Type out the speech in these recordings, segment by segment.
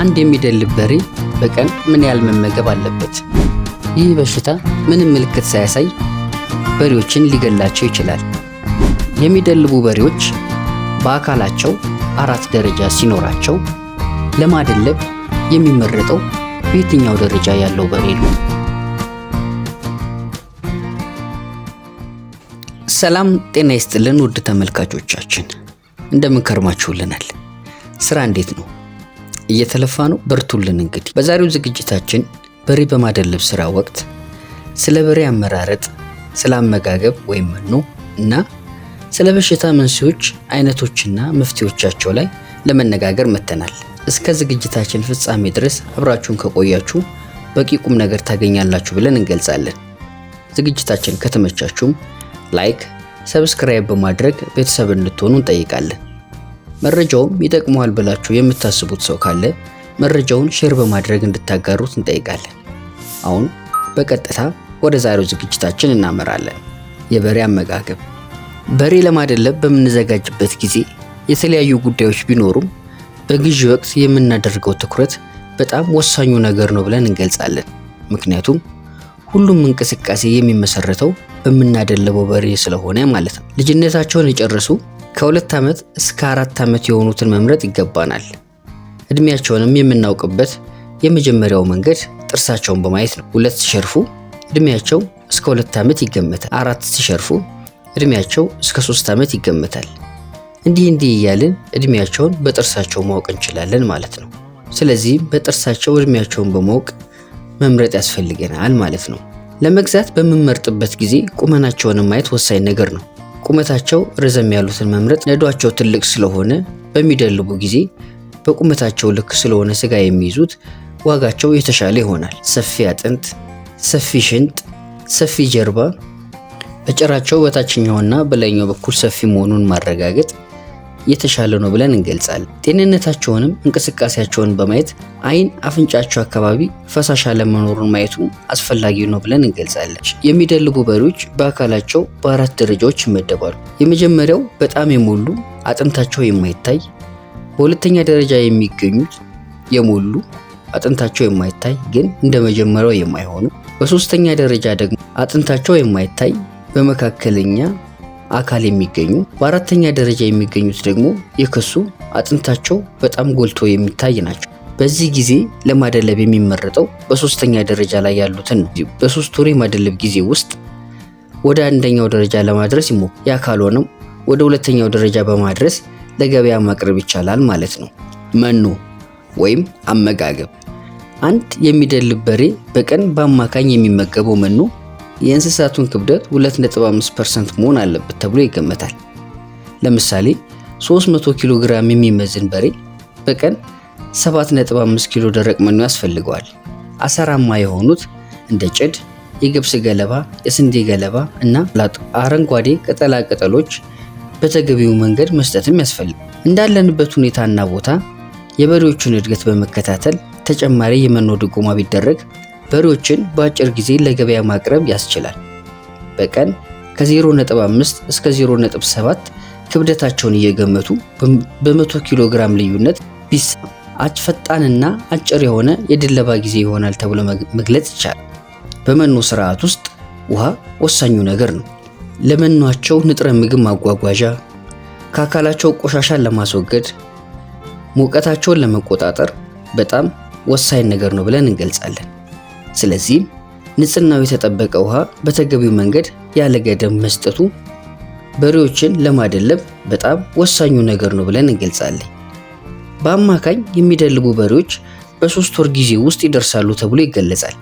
አንድ የሚደልብ በሬ በቀን ምን ያህል መመገብ አለበት? ይህ በሽታ ምንም ምልክት ሳያሳይ በሬዎችን ሊገላቸው ይችላል። የሚደልቡ በሬዎች በአካላቸው አራት ደረጃ ሲኖራቸው ለማደለብ የሚመረጠው በየትኛው ደረጃ ያለው በሬ ነው? ሰላም ጤና ይስጥልን ውድ ተመልካቾቻችን እንደምን ከርማችሁልናል? ስራ እንዴት ነው? እየተለፋ ነው። በርቱልን። እንግዲህ በዛሬው ዝግጅታችን በሬ በማደለብ ስራ ወቅት ስለ በሬ አመራረጥ፣ ስለ አመጋገብ ወይም መኖ እና ስለ በሽታ መንስኤዎች አይነቶችና መፍትሄዎቻቸው ላይ ለመነጋገር መጥተናል። እስከ ዝግጅታችን ፍጻሜ ድረስ አብራችሁን ከቆያችሁ በቂ ቁም ነገር ታገኛላችሁ ብለን እንገልጻለን። ዝግጅታችን ከተመቻችሁም ላይክ፣ ሰብስክራይብ በማድረግ ቤተሰብ እንድትሆኑ እንጠይቃለን። መረጃውም ይጠቅመዋል ብላችሁ የምታስቡት ሰው ካለ መረጃውን ሼር በማድረግ እንድታጋሩት እንጠይቃለን። አሁን በቀጥታ ወደ ዛሬው ዝግጅታችን እናመራለን። የበሬ አመጋገብ። በሬ ለማደለብ በምንዘጋጅበት ጊዜ የተለያዩ ጉዳዮች ቢኖሩም በግዢ ወቅት የምናደርገው ትኩረት በጣም ወሳኙ ነገር ነው ብለን እንገልጻለን። ምክንያቱም ሁሉም እንቅስቃሴ የሚመሰረተው በምናደለበው በሬ ስለሆነ ማለት ነው። ልጅነታቸውን የጨረሱ ከሁለት ዓመት እስከ አራት ዓመት የሆኑትን መምረጥ ይገባናል። እድሜያቸውንም የምናውቅበት የመጀመሪያው መንገድ ጥርሳቸውን በማየት ነው። ሁለት ሲሸርፉ እድሜያቸው እስከ ሁለት ዓመት ይገመታል። አራት ሲሸርፉ እድሜያቸው እስከ ሶስት ዓመት ይገመታል። እንዲህ እንዲህ እያልን እድሜያቸውን በጥርሳቸው ማወቅ እንችላለን ማለት ነው። ስለዚህም በጥርሳቸው እድሜያቸውን በማወቅ መምረጥ ያስፈልገናል ማለት ነው። ለመግዛት በምንመርጥበት ጊዜ ቁመናቸውንም ማየት ወሳኝ ነገር ነው። ቁመታቸው ረዘም ያሉትን መምረጥ ነዷቸው ትልቅ ስለሆነ በሚደልቡ ጊዜ በቁመታቸው ልክ ስለሆነ ስጋ የሚይዙት ዋጋቸው የተሻለ ይሆናል። ሰፊ አጥንት፣ ሰፊ ሽንጥ፣ ሰፊ ጀርባ፣ በጭራቸው በታችኛውና በላይኛው በኩል ሰፊ መሆኑን ማረጋገጥ የተሻለ ነው ብለን እንገልጻለን። ጤንነታቸውንም እንቅስቃሴያቸውን በማየት አይን አፍንጫቸው አካባቢ ፈሳሽ አለመኖሩን ማየቱ አስፈላጊ ነው ብለን እንገልጻለን። የሚደልቡ በሬዎች በአካላቸው በአራት ደረጃዎች ይመደባሉ። የመጀመሪያው በጣም የሞሉ አጥንታቸው የማይታይ፣ በሁለተኛ ደረጃ የሚገኙት የሞሉ አጥንታቸው የማይታይ ግን እንደ መጀመሪያው የማይሆኑ፣ በሶስተኛ ደረጃ ደግሞ አጥንታቸው የማይታይ በመካከለኛ አካል የሚገኙ በአራተኛ ደረጃ የሚገኙት ደግሞ የከሱ አጥንታቸው በጣም ጎልቶ የሚታይ ናቸው። በዚህ ጊዜ ለማደለብ የሚመረጠው በሶስተኛ ደረጃ ላይ ያሉትን ነው። በሶስት ወር የማደለብ ጊዜ ውስጥ ወደ አንደኛው ደረጃ ለማድረስ ይሞ ያ ካልሆነም ወደ ሁለተኛው ደረጃ በማድረስ ለገበያ ማቅረብ ይቻላል ማለት ነው። መኖ ወይም አመጋገብ አንድ የሚደልብ በሬ በቀን በአማካኝ የሚመገበው መኖ የእንስሳቱን ክብደት 2.5% መሆን አለበት ተብሎ ይገመታል። ለምሳሌ 300 ኪሎ ግራም የሚመዝን በሬ በቀን 7.5 ኪሎ ደረቅ መኖ ያስፈልገዋል። አሰራማ የሆኑት እንደ ጭድ፣ የገብስ ገለባ፣ የስንዴ ገለባ እና ላጥ አረንጓዴ ቅጠላ ቅጠሎች በተገቢው መንገድ መስጠትም ያስፈልግ። እንዳለንበት ሁኔታና ቦታ የበሬዎቹን እድገት በመከታተል ተጨማሪ የመኖ ድጎማ ቢደረግ በሬዎችን በአጭር ጊዜ ለገበያ ማቅረብ ያስችላል። በቀን ከ0.5 እስከ 0.7 ክብደታቸውን እየገመቱ በ100 ኪሎ ግራም ልዩነት ቢስ ፈጣንና አጭር የሆነ የድለባ ጊዜ ይሆናል ተብሎ መግለጽ ይቻላል። በመኖ ስርዓት ውስጥ ውሃ ወሳኙ ነገር ነው። ለመኗቸው ንጥረ ምግብ ማጓጓዣ፣ ከአካላቸው ቆሻሻን ለማስወገድ፣ ሙቀታቸውን ለመቆጣጠር በጣም ወሳኝ ነገር ነው ብለን እንገልጻለን። ስለዚህም ንጽህናው የተጠበቀ ውሃ በተገቢው መንገድ ያለ ገደብ መስጠቱ በሬዎችን ለማደለብ በጣም ወሳኙ ነገር ነው ብለን እንገልጻለን። በአማካኝ የሚደልቡ በሬዎች በሶስት ወር ጊዜ ውስጥ ይደርሳሉ ተብሎ ይገለጻል።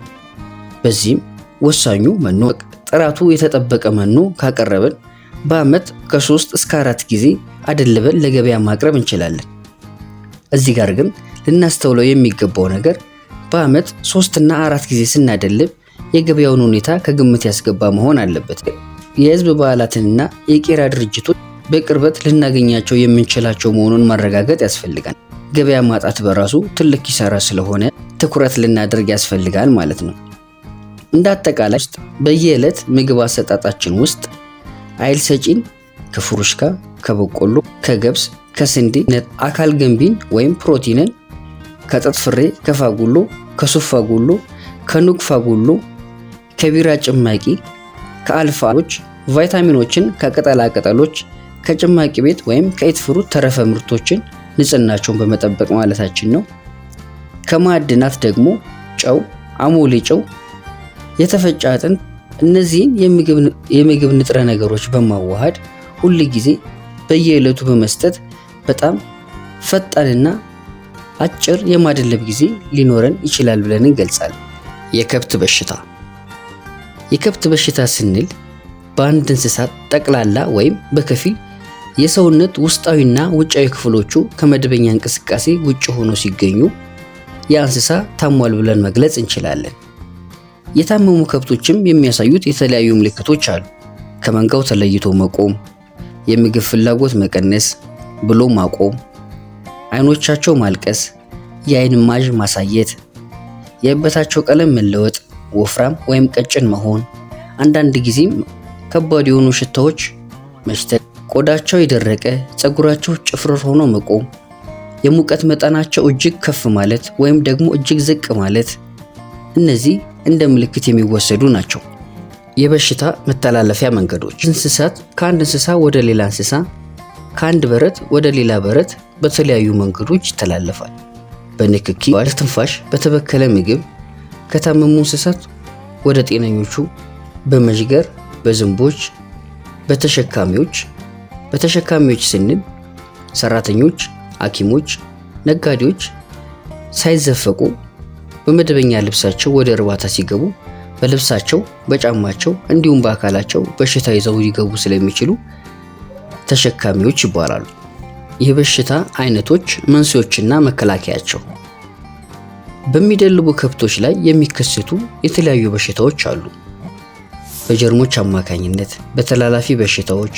በዚህም ወሳኙ መኖ ጥራቱ የተጠበቀ መኖ ካቀረበን በዓመት ከሶስት እስከ አራት ጊዜ አደልበን ለገበያ ማቅረብ እንችላለን። እዚህ ጋር ግን ልናስተውለው የሚገባው ነገር በዓመት ሶስትና አራት ጊዜ ስናደልብ የገበያውን ሁኔታ ከግምት ያስገባ መሆን አለበት። የህዝብ በዓላትንና የቄራ ድርጅቶች በቅርበት ልናገኛቸው የምንችላቸው መሆኑን ማረጋገጥ ያስፈልጋል። ገበያ ማጣት በራሱ ትልቅ ኪሳራ ስለሆነ ትኩረት ልናደርግ ያስፈልጋል ማለት ነው። እንደ አጠቃላይ ውስጥ በየዕለት ምግብ አሰጣጣችን ውስጥ አይል ሰጪን ከፍሩሽካ፣ ከበቆሎ፣ ከገብስ፣ ከስንዴ አካል ገንቢን ወይም ፕሮቲንን ከጥጥ ፍሬ፣ ከፋጉሎ፣ ከሱፍ ፋጉሎ፣ ከኑግ ፋጉሎ፣ ከቢራ ጭማቂ፣ ከአልፋዎች ቫይታሚኖችን ከቅጠላ ቅጠሎች ከጭማቂ ቤት ወይም ከኢትፍሩት ተረፈ ምርቶችን ንጽህናቸውን በመጠበቅ ማለታችን ነው። ከማዕድናት ደግሞ ጨው፣ አሞሌ ጨው፣ የተፈጨ አጥንት እነዚህን የምግብ ንጥረ ነገሮች በማዋሃድ ሁል ጊዜ በየዕለቱ በመስጠት በጣም ፈጣንና አጭር የማደለብ ጊዜ ሊኖረን ይችላል ብለን እንገልጻለን። የከብት በሽታ የከብት በሽታ ስንል በአንድ እንስሳት ጠቅላላ ወይም በከፊል የሰውነት ውስጣዊና ውጫዊ ክፍሎቹ ከመደበኛ እንቅስቃሴ ውጭ ሆኖ ሲገኙ ያ እንስሳ ታሟል ብለን መግለጽ እንችላለን። የታመሙ ከብቶችም የሚያሳዩት የተለያዩ ምልክቶች አሉ። ከመንጋው ተለይቶ መቆም፣ የምግብ ፍላጎት መቀነስ ብሎ ማቆም አይኖቻቸው ማልቀስ፣ የአይን ማዥ ማሳየት፣ የእበታቸው ቀለም መለወጥ፣ ወፍራም ወይም ቀጭን መሆን፣ አንዳንድ ጊዜም ከባድ የሆኑ ሽታዎች መሽተት፣ ቆዳቸው የደረቀ፣ ፀጉራቸው ጭፍርር ሆኖ መቆም፣ የሙቀት መጠናቸው እጅግ ከፍ ማለት ወይም ደግሞ እጅግ ዝቅ ማለት፣ እነዚህ እንደ ምልክት የሚወሰዱ ናቸው። የበሽታ መተላለፊያ መንገዶች እንስሳት ከአንድ እንስሳ ወደ ሌላ እንስሳ ከአንድ በረት ወደ ሌላ በረት በተለያዩ መንገዶች ይተላለፋል። በንክኪ፣ ትንፋሽ በተበከለ ምግብ፣ ከታመሙ እንስሳት ወደ ጤነኞቹ፣ በመዥገር፣ በዝንቦች፣ በተሸካሚዎች። በተሸካሚዎች ስንል ሰራተኞች፣ ሐኪሞች፣ ነጋዴዎች ሳይዘፈቁ በመደበኛ ልብሳቸው ወደ እርባታ ሲገቡ በልብሳቸው፣ በጫማቸው እንዲሁም በአካላቸው በሽታ ይዘው ሊገቡ ስለሚችሉ ተሸካሚዎች ይባላሉ። የበሽታ አይነቶች፣ መንስኤዎችና መከላከያቸው በሚደልቡ ከብቶች ላይ የሚከሰቱ የተለያዩ በሽታዎች አሉ። በጀርሞች አማካኝነት፣ በተላላፊ በሽታዎች፣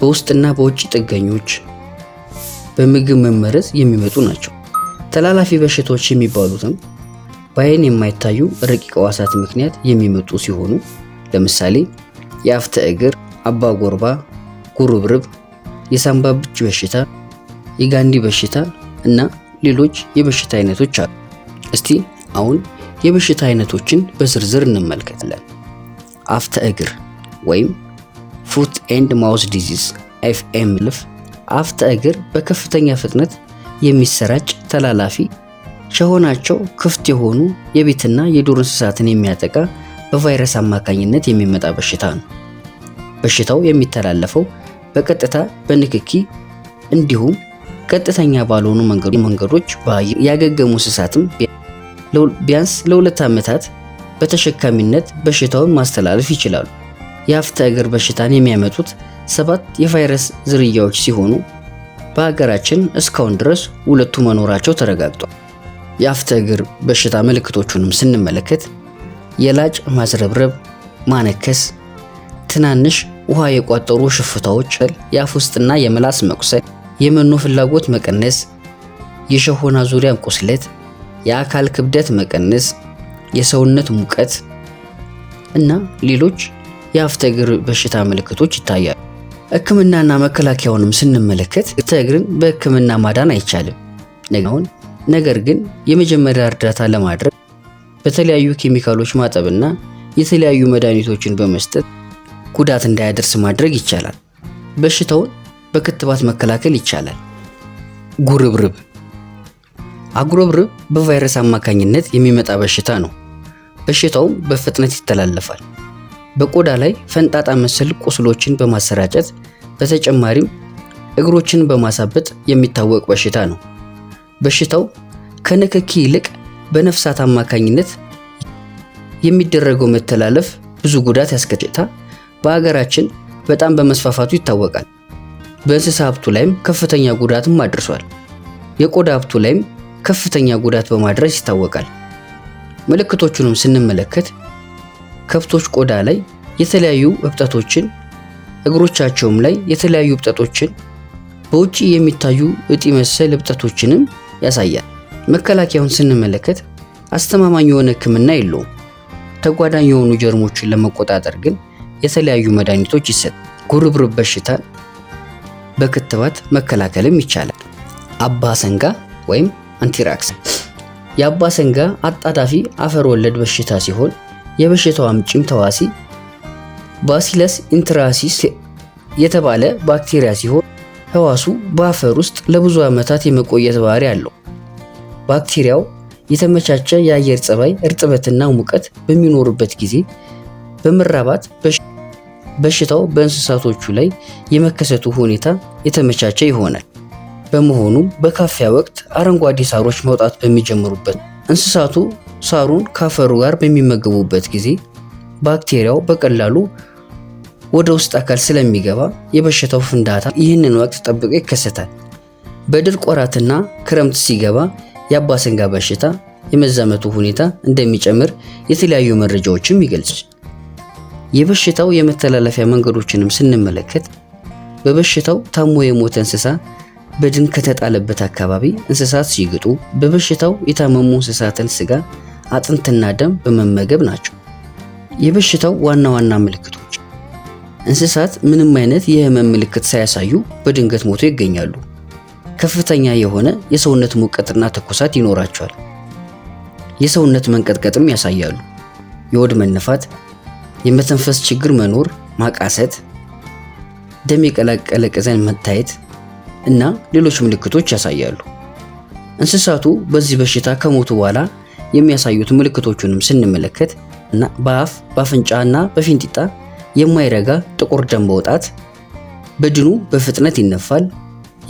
በውስጥና በውጭ ጥገኞች፣ በምግብ መመረዝ የሚመጡ ናቸው። ተላላፊ በሽታዎች የሚባሉትም በአይን የማይታዩ ረቂቅ ሕዋሳት ምክንያት የሚመጡ ሲሆኑ ለምሳሌ የአፍተ እግር፣ ፣አባጎርባ፣ ጉርብርብ የሳምባ ምች በሽታ፣ የጋንዲ በሽታ እና ሌሎች የበሽታ አይነቶች አሉ። እስቲ አሁን የበሽታ አይነቶችን በዝርዝር እንመልከታለን። አፍተ እግር ወይም ፉት ኤንድ ማውዝ ዲዚዝ ኤፍኤምልፍ አፍተ እግር በከፍተኛ ፍጥነት የሚሰራጭ ተላላፊ ሸሆናቸው ክፍት የሆኑ የቤትና የዱር እንስሳትን የሚያጠቃ በቫይረስ አማካኝነት የሚመጣ በሽታ ነው። በሽታው የሚተላለፈው በቀጥታ በንክኪ እንዲሁም ቀጥተኛ ባልሆኑ መንገዶች በአየር ያገገሙ እንስሳትም ቢያንስ ለሁለት ዓመታት በተሸካሚነት በሽታውን ማስተላለፍ ይችላሉ። የአፍተ እግር በሽታን የሚያመጡት ሰባት የቫይረስ ዝርያዎች ሲሆኑ በሀገራችን እስካሁን ድረስ ሁለቱ መኖራቸው ተረጋግጧል። የአፍተ እግር በሽታ ምልክቶቹንም ስንመለከት የላጭ ማዝረብረብ፣ ማነከስ፣ ትናንሽ ውሃ የቋጠሩ ሽፍታዎች፣ የአፍ ውስጥና የምላስ መቁሰል፣ የመኖ ፍላጎት መቀነስ፣ የሸሆና ዙሪያ ቁስለት፣ የአካል ክብደት መቀነስ፣ የሰውነት ሙቀት እና ሌሎች የአፍ እግር በሽታ ምልክቶች ይታያሉ። ሕክምናና መከላከያውንም ስንመለከት እግርን በሕክምና ማዳን አይቻልም። ነገር ግን የመጀመሪያ እርዳታ ለማድረግ በተለያዩ ኬሚካሎች ማጠብና የተለያዩ መድኃኒቶችን በመስጠት ጉዳት እንዳያደርስ ማድረግ ይቻላል። በሽታውን በክትባት መከላከል ይቻላል። ጉርብርብ አጉረብርብ በቫይረስ አማካኝነት የሚመጣ በሽታ ነው። በሽታውም በፍጥነት ይተላለፋል። በቆዳ ላይ ፈንጣጣ መሰል ቁስሎችን በማሰራጨት በተጨማሪም እግሮችን በማሳበጥ የሚታወቅ በሽታ ነው። በሽታው ከንክኪ ይልቅ በነፍሳት አማካኝነት የሚደረገው መተላለፍ ብዙ ጉዳት ያስከትላል። በሀገራችን በጣም በመስፋፋቱ ይታወቃል። በእንስሳ ሀብቱ ላይም ከፍተኛ ጉዳትም አድርሷል። የቆዳ ሀብቱ ላይም ከፍተኛ ጉዳት በማድረስ ይታወቃል። ምልክቶቹንም ስንመለከት ከብቶች ቆዳ ላይ የተለያዩ እብጠቶችን፣ እግሮቻቸውም ላይ የተለያዩ እብጠቶችን፣ በውጭ የሚታዩ እጢ መሰል እብጠቶችንም ያሳያል። መከላከያውን ስንመለከት አስተማማኝ የሆነ ሕክምና የለውም። ተጓዳኝ የሆኑ ጀርሞችን ለመቆጣጠር ግን የተለያዩ መድኃኒቶች ይሰጣል። ጉርብርብ በሽታን በክትባት መከላከልም ይቻላል። አባሰንጋ ወይም አንቲራክስ የአባሰንጋ አጣዳፊ አፈር ወለድ በሽታ ሲሆን የበሽታው አምጪም ተዋሲ ባሲለስ ኢንትራሲስ የተባለ ባክቴሪያ ሲሆን ህዋሱ በአፈር ውስጥ ለብዙ ዓመታት የመቆየት ባህሪ አለው። ባክቴሪያው የተመቻቸ የአየር ጸባይ እርጥበትና ሙቀት በሚኖርበት ጊዜ በመራባት በሽታው በእንስሳቶቹ ላይ የመከሰቱ ሁኔታ የተመቻቸ ይሆናል። በመሆኑም በካፊያ ወቅት አረንጓዴ ሳሮች መውጣት በሚጀምሩበት እንስሳቱ ሳሩን ካፈሩ ጋር በሚመገቡበት ጊዜ ባክቴሪያው በቀላሉ ወደ ውስጥ አካል ስለሚገባ የበሽታው ፍንዳታ ይህንን ወቅት ጠብቆ ይከሰታል። በድርቅ ወራትና ክረምት ሲገባ የአባሰንጋ በሽታ የመዛመቱ ሁኔታ እንደሚጨምር የተለያዩ መረጃዎችም ይገልጻል። የበሽታው የመተላለፊያ መንገዶችንም ስንመለከት በበሽታው ታሞ የሞተ እንስሳ በድን ከተጣለበት አካባቢ እንስሳት ሲግጡ በበሽታው የታመሙ እንስሳትን ስጋ፣ አጥንትና ደም በመመገብ ናቸው። የበሽታው ዋና ዋና ምልክቶች እንስሳት ምንም አይነት የህመም ምልክት ሳያሳዩ በድንገት ሞቶ ይገኛሉ። ከፍተኛ የሆነ የሰውነት ሙቀትና ትኩሳት ይኖራቸዋል። የሰውነት መንቀጥቀጥም ያሳያሉ። የሆድ መነፋት፣ የመተንፈስ ችግር መኖር፣ ማቃሰት፣ ደም የቀላቀለ ቅዘን መታየት እና ሌሎች ምልክቶች ያሳያሉ። እንስሳቱ በዚህ በሽታ ከሞቱ በኋላ የሚያሳዩት ምልክቶቹንም ስንመለከት እና በአፍ በአፍንጫ እና በፊንጢጣ የማይረጋ ጥቁር ደም መውጣት፣ በድኑ በፍጥነት ይነፋል፣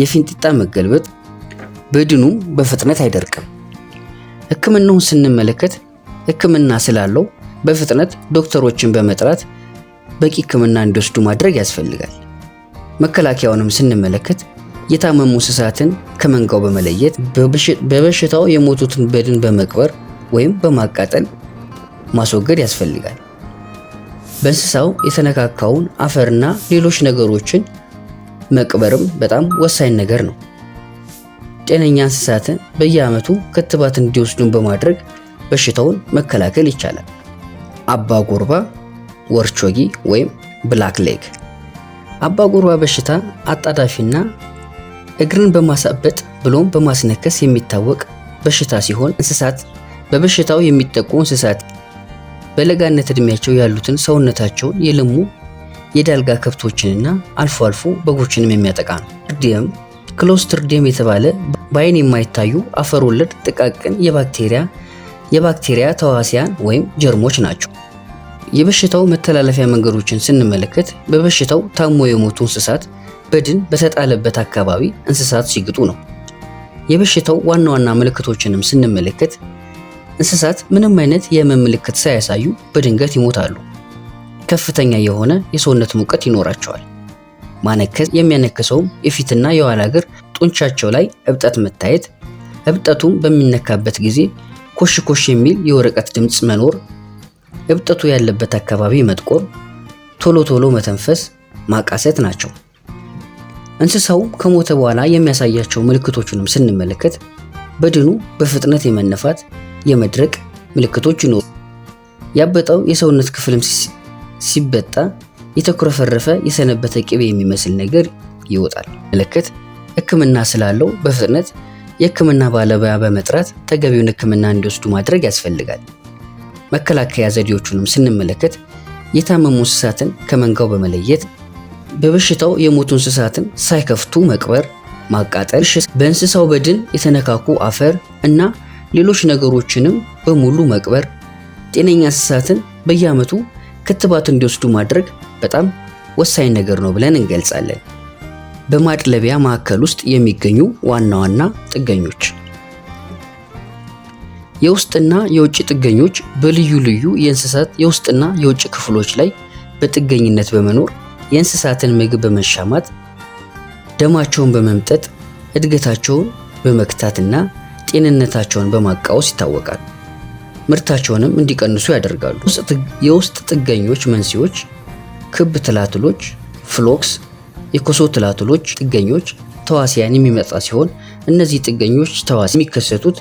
የፊንጢጣ መገልበጥ፣ በድኑ በፍጥነት አይደርቅም። ሕክምናውን ስንመለከት ሕክምና ስላለው በፍጥነት ዶክተሮችን በመጥራት በቂ ሕክምና እንዲወስዱ ማድረግ ያስፈልጋል። መከላከያውንም ስንመለከት የታመሙ እንስሳትን ከመንጋው በመለየት በበሽታው የሞቱትን በድን በመቅበር ወይም በማቃጠል ማስወገድ ያስፈልጋል። በእንስሳው የተነካካውን አፈርና ሌሎች ነገሮችን መቅበርም በጣም ወሳኝ ነገር ነው። ጤነኛ እንስሳትን በየዓመቱ ክትባት እንዲወስዱን በማድረግ በሽታውን መከላከል ይቻላል። አባ ጎርባ ወርቾጊ ወይም ብላክ ሌግ። አባ ጎርባ በሽታ አጣዳፊና እግርን በማሳበጥ ብሎም በማስነከስ የሚታወቅ በሽታ ሲሆን እንስሳት በበሽታው የሚጠቁ እንስሳት በለጋነት እድሜያቸው ያሉትን ሰውነታቸውን የለሙ የዳልጋ ከብቶችንና አልፎ አልፎ በጎችንም የሚያጠቃ ነው። ርዲየም ክሎስትርዲየም የተባለ በአይን የማይታዩ አፈር ወለድ ጥቃቅን የባክቴሪያ የባክቴሪያ ተዋሲያን ወይም ጀርሞች ናቸው። የበሽታው መተላለፊያ መንገዶችን ስንመለከት በበሽታው ታሞ የሞቱ እንስሳት በድን በተጣለበት አካባቢ እንስሳት ሲግጡ ነው። የበሽታው ዋና ዋና ምልክቶችንም ስንመለከት እንስሳት ምንም አይነት የህመም ምልክት ሳያሳዩ በድንገት ይሞታሉ። ከፍተኛ የሆነ የሰውነት ሙቀት ይኖራቸዋል። ማነከስ የሚያነከሰውም የፊትና የኋላ እግር ጡንቻቸው ላይ እብጠት መታየት፣ እብጠቱም በሚነካበት ጊዜ ኮሽኮሽ የሚል የወረቀት ድምፅ መኖር እብጠቱ ያለበት አካባቢ መጥቆር፣ ቶሎ ቶሎ መተንፈስ፣ ማቃሰት ናቸው። እንስሳው ከሞተ በኋላ የሚያሳያቸው ምልክቶቹንም ስንመለከት በድኑ በፍጥነት የመነፋት የመድረቅ ምልክቶች ይኖሩ። ያበጠው የሰውነት ክፍልም ሲበጣ የተኩረፈረፈ የሰነበተ ቅቤ የሚመስል ነገር ይወጣል። መለከት ሕክምና ስላለው በፍጥነት የሕክምና ባለሙያ በመጥራት ተገቢውን ሕክምና እንዲወስዱ ማድረግ ያስፈልጋል። መከላከያ ዘዴዎቹንም ስንመለከት የታመሙ እንስሳትን ከመንጋው በመለየት በበሽታው የሞቱ እንስሳትን ሳይከፍቱ መቅበር፣ ማቃጠል፣ በእንስሳው በድን የተነካኩ አፈር እና ሌሎች ነገሮችንም በሙሉ መቅበር፣ ጤነኛ እንስሳትን በየዓመቱ ክትባት እንዲወስዱ ማድረግ በጣም ወሳኝ ነገር ነው ብለን እንገልጻለን። በማድለቢያ ማዕከል ውስጥ የሚገኙ ዋና ዋና ጥገኞች የውስጥና የውጭ ጥገኞች በልዩ ልዩ የእንስሳት የውስጥና የውጭ ክፍሎች ላይ በጥገኝነት በመኖር የእንስሳትን ምግብ በመሻማት ደማቸውን በመምጠጥ እድገታቸውን በመክታትና ጤንነታቸውን በማቃወስ ይታወቃል። ምርታቸውንም እንዲቀንሱ ያደርጋሉ። የውስጥ ጥገኞች መንስኤዎች ክብ ትላትሎች፣ ፍሎክስ፣ የኮሶ ትላትሎች ጥገኞች ተዋሲያን የሚመጣ ሲሆን እነዚህ ጥገኞች ተዋሲ የሚከሰቱት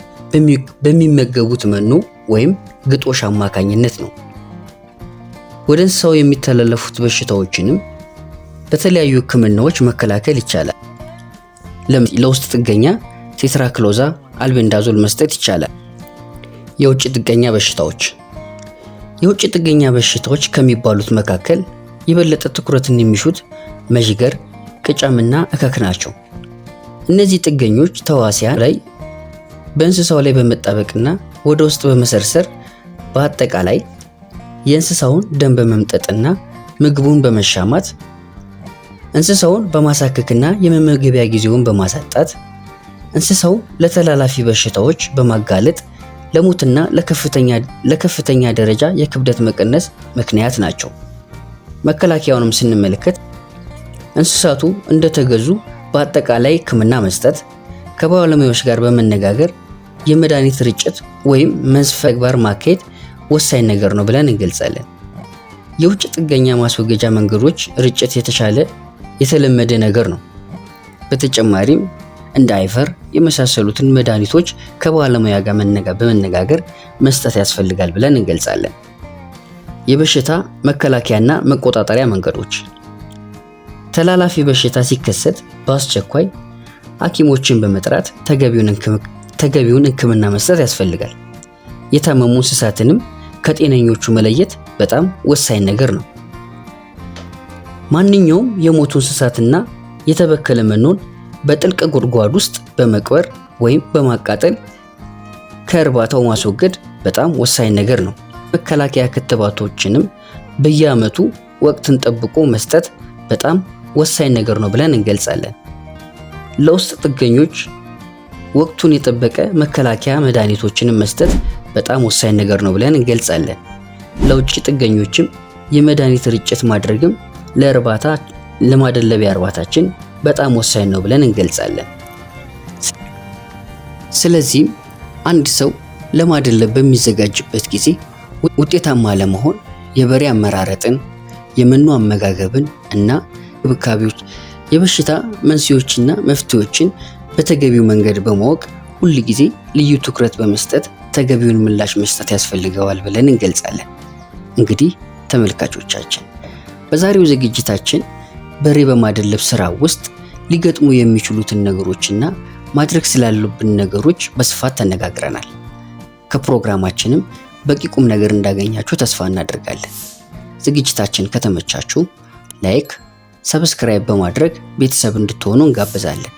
በሚመገቡት መኖ ወይም ግጦሽ አማካኝነት ነው። ወደ እንስሳው የሚተላለፉት በሽታዎችንም በተለያዩ ሕክምናዎች መከላከል ይቻላል። ለውስጥ ጥገኛ ቴትራክሎዛ አልቤንዳዞል መስጠት ይቻላል። የውጭ ጥገኛ በሽታዎች የውጭ ጥገኛ በሽታዎች ከሚባሉት መካከል የበለጠ ትኩረትን የሚሹት መዥገር፣ ቅጫምና እከክ ናቸው። እነዚህ ጥገኞች ተዋሲያ ላይ በእንስሳው ላይ በመጣበቅና ወደ ውስጥ በመሰርሰር በአጠቃላይ የእንስሳውን ደም በመምጠጥና ምግቡን በመሻማት እንስሳውን በማሳከክና የመመገቢያ ጊዜውን በማሳጣት እንስሳው ለተላላፊ በሽታዎች በማጋለጥ ለሞትና ለከፍተኛ ደረጃ የክብደት መቀነስ ምክንያት ናቸው። መከላከያውንም ስንመለከት እንስሳቱ እንደተገዙ በአጠቃላይ ሕክምና መስጠት ከባለሙያዎች ጋር በመነጋገር የመድኃኒት ርጭት ወይም መስፈግባር ተግባር ማካሄድ ወሳኝ ነገር ነው ብለን እንገልጻለን። የውጭ ጥገኛ ማስወገጃ መንገዶች ርጭት የተሻለ የተለመደ ነገር ነው። በተጨማሪም እንደ አይፈር የመሳሰሉትን መድኃኒቶች ከባለሙያ ጋር በመነጋገር መስጠት ያስፈልጋል ብለን እንገልጻለን። የበሽታ መከላከያና መቆጣጠሪያ መንገዶች ተላላፊ በሽታ ሲከሰት በአስቸኳይ ሐኪሞችን በመጥራት ተገቢውን ተገቢውን ሕክምና መስጠት ያስፈልጋል። የታመሙ እንስሳትንም ከጤነኞቹ መለየት በጣም ወሳኝ ነገር ነው። ማንኛውም የሞቱ እንስሳትና የተበከለ መኖን በጥልቅ ጉድጓድ ውስጥ በመቅበር ወይም በማቃጠል ከእርባታው ማስወገድ በጣም ወሳኝ ነገር ነው። መከላከያ ክትባቶችንም በየዓመቱ ወቅትን ጠብቆ መስጠት በጣም ወሳኝ ነገር ነው ብለን እንገልጻለን። ለውስጥ ጥገኞች ወቅቱን የጠበቀ መከላከያ መድኃኒቶችንም መስጠት በጣም ወሳኝ ነገር ነው ብለን እንገልጻለን። ለውጭ ጥገኞችም የመድኃኒት ርጭት ማድረግም ለእርባታ ለማደለቢያ እርባታችን በጣም ወሳኝ ነው ብለን እንገልጻለን። ስለዚህም አንድ ሰው ለማደለብ በሚዘጋጅበት ጊዜ ውጤታማ ለመሆን የበሬ አመራረጥን፣ የመኖ አመጋገብን እና ክብካቤዎች የበሽታ መንስኤዎችና መፍትሄዎችን በተገቢው መንገድ በማወቅ ሁል ጊዜ ልዩ ትኩረት በመስጠት ተገቢውን ምላሽ መስጠት ያስፈልገዋል ብለን እንገልጻለን። እንግዲህ ተመልካቾቻችን በዛሬው ዝግጅታችን በሬ በማደለብ ስራ ውስጥ ሊገጥሙ የሚችሉትን ነገሮችና ማድረግ ስላሉብን ነገሮች በስፋት ተነጋግረናል። ከፕሮግራማችንም በቂ ቁም ነገር እንዳገኛችሁ ተስፋ እናደርጋለን። ዝግጅታችን ከተመቻችሁ ላይክ፣ ሰብስክራይብ በማድረግ ቤተሰብ እንድትሆኑ እንጋብዛለን።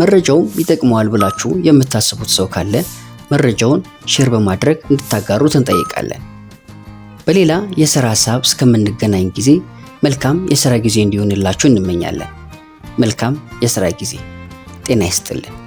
መረጃው ይጠቅመዋል ብላችሁ የምታስቡት ሰው ካለ መረጃውን ሼር በማድረግ እንድታጋሩት እንጠይቃለን። በሌላ የሥራ ሐሳብ እስከምንገናኝ ጊዜ መልካም የሥራ ጊዜ እንዲሆንላችሁ እንመኛለን። መልካም የሥራ ጊዜ። ጤና ይስጥልን።